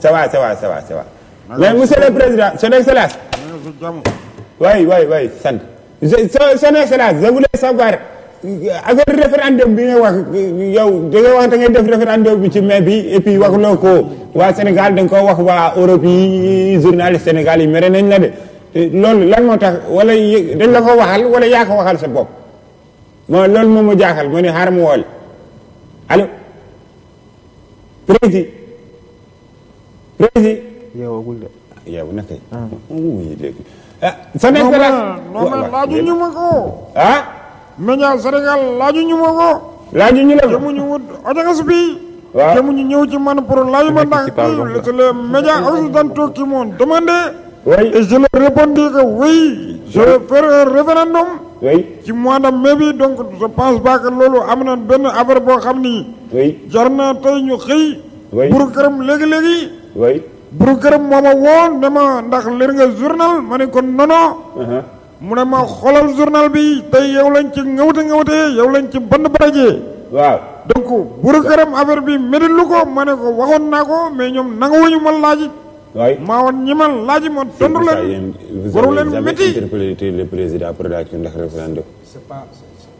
ça va ça va ça va ça va mais monsieur le président son excellence. waay waay waay sant. son excellence je voulais savoir euh, affaire référendum bi nga wax yow da nga wax da ngay def référendum bi ci mai bi et puis waxuloo ko waa Sénégal da nga koo wax waa Europe yi journaliste Sénégal yi mere nañ la de loolu lan moo tax wala dañ la ko waxal wala yaa ko waxal sa bopp moo loolu moom mu jaaxal mu ne xaaral mu wool allo président président yeewagul de. yeewu na kay. ah, ah sa laaju ñu ma ko. ah. média laaju ñu ma ko. laaju ñu la ko jëmuñu wut audience bi. waaw jëmuñu ñëw ci man pour laaju ma ndax kii les médias occidentaux qui m'ont demandé. oui et je leur répondis que oui. je vais faire un référendum. oui ci mois de mai bi donc je pense pas que loolu am na benn affaire boo xam ni. oui jar ñu xëy. oui pour léegi léegi. oui. broker moo ma woo ne ma ndax lër nga journal ma ne ko nono uh-huh. mu ne ma xoolal journal bi tey yow lañ ci ngawte ngawte yow lañ ci band barajee waaw donc brokeram affaire bi métti lu ko ma ne ko waxoon naa ko mais ñoom nanguwuñu ma laaj waay maa woon ma laaj ma tontu leen. waru leen métti vous le président pour la ndax référendum. c'est pas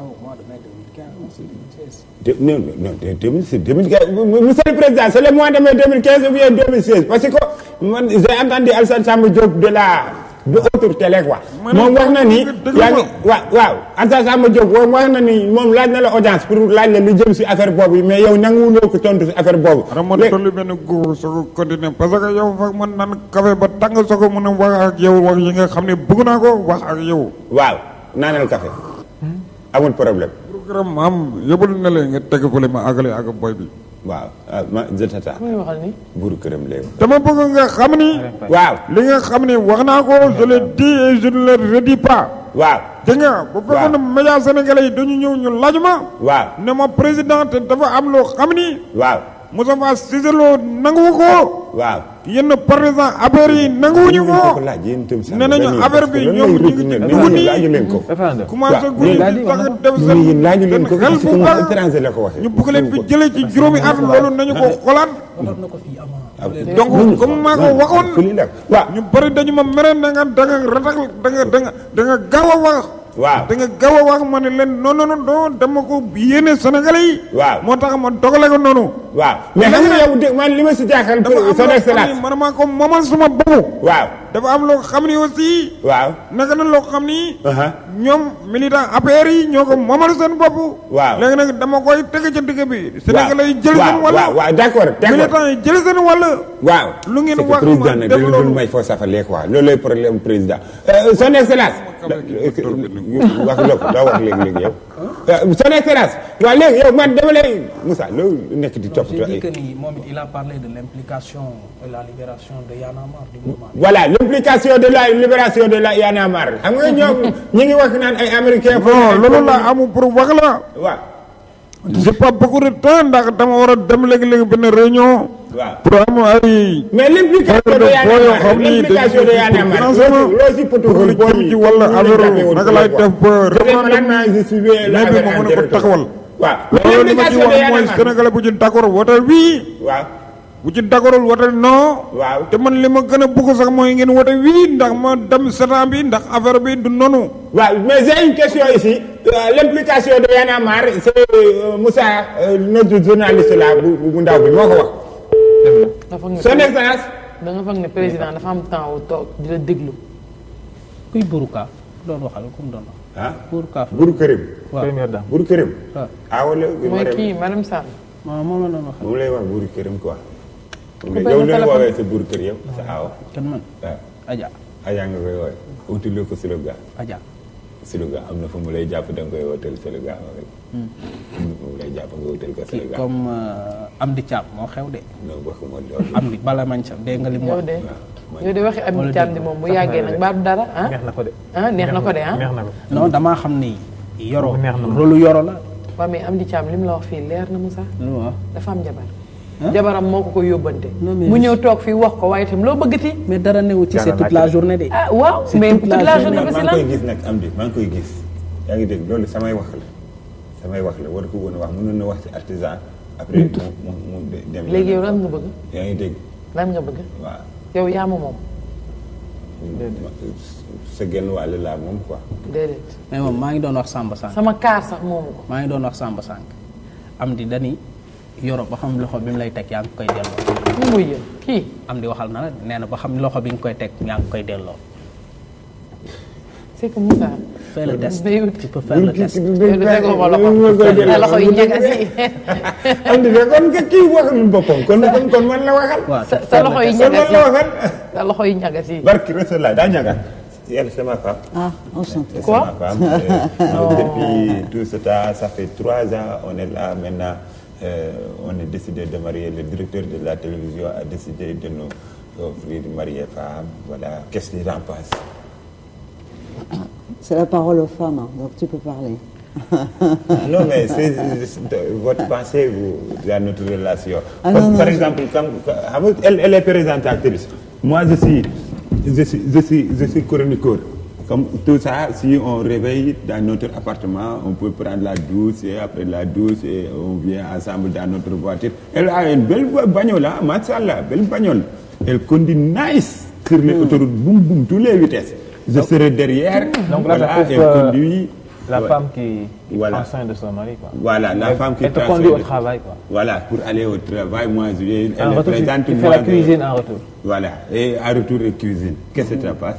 au mois de mai 2015. non non 2015 mois de mai 2015 ou bien que man j'ai entendu Alassane Samba Diop de la de autre télé quoi. moom wax na ni yaa ngi waaw waaw Alassane Samba moom na ni moom laaj na la audience pour laaj la lu jëm si affaire boobu mais yow nanguwuloo ko tontu si affaire boobu. léegi lu mel ni góor soo ko continuer parce ba tàng soo ko mën a wax ak yow yi nga xam ne bëgg naa ko wax ak yow. waaw naanal café. amul problème. programme maam yóbbu na la nga teg fële ma àggale ak boy bi. waaw a ah, ma jëtata. mooy waxal këram lay wax. dama bëgg nga xam ni. li nga xam ni wax naa ko je le dis et je ne le redis pas. waaaa dégg nga bu fekkoon ne média sénégalais yi dañu ñëw ñu laaj ma waaw ne ma président dafa am loo xam ni waaw Moustapha Cissé Lo nangu ko yenn partisans affaire yi nanguwuñu ko nee nañu affaire bi ñoom dugg nii commencé guñu sax def seen ñu bëgg leen fi jëlee ci juróomi at loolu nañu ko xolaat donc comme maa ko waxoon ñu bëri dañu ma mereen da nga da nga ratak da gaaw a wax waaw da nga gaaw a wax ma ne leen non non non dama ko yéene Sénégalais yi. waaw moo tax ma dogale ko noonu. waaw mais xam nga yow dégg man li ma si jaaxal. son excellence man maa ko moomal suma bopp. waaw dafa am loo xam ni aussi. waaw naka la loo xam ni. Uh-huh. ñoom militant APR yi ñoo ko moomal seen bopp. waaw léegi nag dama koy teg ci digg bi. waaw Sénégalais yi jël seen wàll. waaw waaw d' accord d' accord militant yi jël seen wàll. lu ngeen wax président nag dañu dul may foo safalee quoi loolooy problème président. Euh, son excellence. wax nga ko doo wax léegi léegi yow. Euh, son excellence. waaw léegi yow man dama lay Moussa loolu nekk di toppatoo ay. moom il a parlé de l' implication de la libération de Y'en a marre du mouvement. voilà l' implication de la libération de la Y'en a marre ngi wax. fi naan ay américain. non loolu la amul pour wax la. waaw. j'ai pas ndax dama war a dem léegi-léegi benn réunion. pour am ay. mais l'implication de Y'en a de Y'en a marre loo si poto def ba. vraiment mais bi ma a ko taxawal. waaw a loolu ma ci wax mooy Sénégalais bu ci d'accord woote wii. bu ci dagorul wote non. waaw te man li ma gën a bëgg sax mooy ngeen wote wii ndax ma dem satan bi ndax affaire bi du noonu. waaw mais j'ai une question ici. Euh, l' a marre c' est euh, Moussa euh, notre journaliste là bu bu ndaw bi moo ko wax. son excellence. da nga foog ne président dafa am temps wu toog di la déglu. kuy buruka doon waxal ku mu doon wax. ah buruka burukërim. waaw première dame burukërim. waaw ah. ah wala. mooy kii madame Sall. waaw moom la wax yow looy woowee sa buur kër yow sa aaw kan man aja aja nga koy wooye utiloo ko slogan aja slogan am na fu mu lay jàpp da nga koy wootel slogan rek am na fu mu lay jàpp nga wootel ko slogan comme am di caam moo xew de non waxu ma loolu am di bala man ca dégg nga li mu wax yow de waxi am di caam di moom bu yàggee nag baa du dara ah neex na ko de ah neex na ko de ah non damaa xam ni yoro rolu yoro la waaw mais am di caam li mu la wax fii leer na Moussa dafa am jabar jabaram moo ko ko yóbbante mu ñëw toog fi wax ko waaye itam loo bëgg ti mais dara newu ci c'est toute la journée de ah, waaw mais toute la journée maa ngi gis nag am di maa koy gis yaa ngi dégg loolu samay wax samay wax la war ko woon wax mënoon na wax ci artisan après mu mu mu nga bëgg yaa ngi dégg nga bëgg waaw yow yaa ma moom sa maa ngi doon wax sàmba sànq sama kaar sax moomu ko maa ngi doon wax sàmba sànq am di dani yoro ba xam loxo bi mu lay teg yaa ngi koy delloo. muy yéen kii. am di waxal na la nee na ba xam loxo bi koy teg yaa koy delloo. c'est que Moussa. fais le test yi njëkk a kon kon man la waxal. waaw sa loxo yi ñagas yi sa loxo yi ñagas yi. barki Rasul daa Euh, on a décidé de marier, le directeur de la télévision a décidé de nous offrir marier femme. Voilà, qu'est-ce qu'il en passe C'est la parole aux femmes, hein, donc tu peux parler. Ah non, mais c'est votre pensée vous, dans notre relation. Ah par exemple, elle, elle, est présentatrice. Moi, je suis, je suis, je suis, je suis chroniqueur. Comme tout ça, si on réveille dans notre appartement, on peut prendre la douce et après la douce, et on vient ensemble dans notre voiture. Elle a une belle bagnole, hein, Matzala, belle bagnole. Elle conduit nice sur les hmm. autoroutes, boum boum, toutes les vitesses. Je serai derrière, donc là, voilà, elle euh, conduit. La femme qui, est enceinte de son mari. Quoi. Voilà, la femme qui elle te conduit au travail. Quoi. Voilà, pour aller au travail, moi, je, elle présente retour, présente. Tu, la cuisine en retour. Voilà, et en retour elle cuisine. Qu'est-ce que ça passe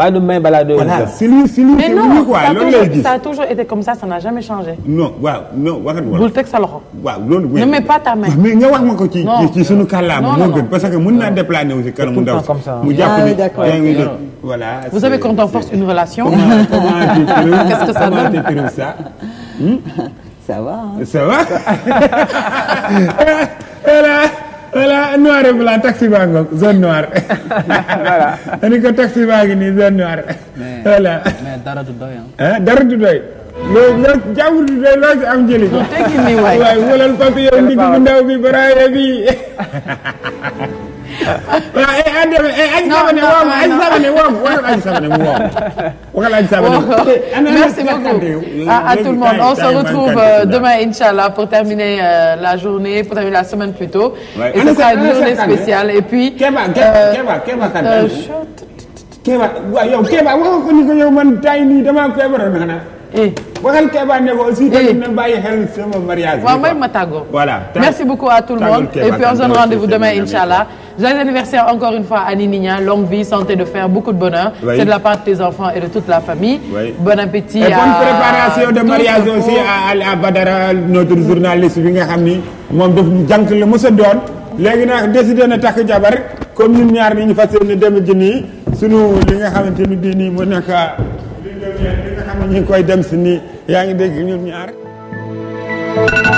pas de main baladeur. voilà si lui, si lui, c'est lui quoi loolu lay gis mais non ça a toujours été comme ça ça n'a jamais changé. non waouh, non waxat wala. Boule teg sa loxo. waaw loolu ne mets pas ta main. mais nga wax ma ko ci ci sunu kàllaama moo gën parce que mën naa déplané wu si kanamu ndaw mu jàpp ah, ni yaa voilà. vous savez quand on force une relation. qu'est-ce que ça donne comment ça. ça va. Hein. ça va. voilà noir et blanc taxi baa ngoog zone noire. voilà. dañu ko taxi baa ngi nii zone noire. voilà mais dara du doy ah. dara du doy. loolu loolu jàmbur du doy loo si am jëli ko. waaye wóolal papier yow ndig bu ndaw bi baraaye bi. merci beaucoup à tout le monde on se retrouve euh, demain inchallah pour terminer euh, la journée pour terminer la semaine plus tôt. ce une journée spéciale et puis eh. eh. voilà merci beaucoup à tout le monde. et puis on se demain inchallah Joyeux anniversaire encore une fois à Nininia. Longue vie, santé de fer, beaucoup de bonheur. Oui. C'est de la part de tes enfants et de toute la famille. Oui. Bon appétit. Et bonne à... préparation de mariage aussi à, à Badara, notre journaliste. bi nga xam ni moom daf jànk la mos a doon. léegi nag décidé na takk jabar comme ñun ñaar ni ñu fas yéene dem ji nii sunu li nga xamante ni bii nii mu nekk li nga xam ne ñu ngi koy dem si nii yaa ngi dégg ñun ñaar.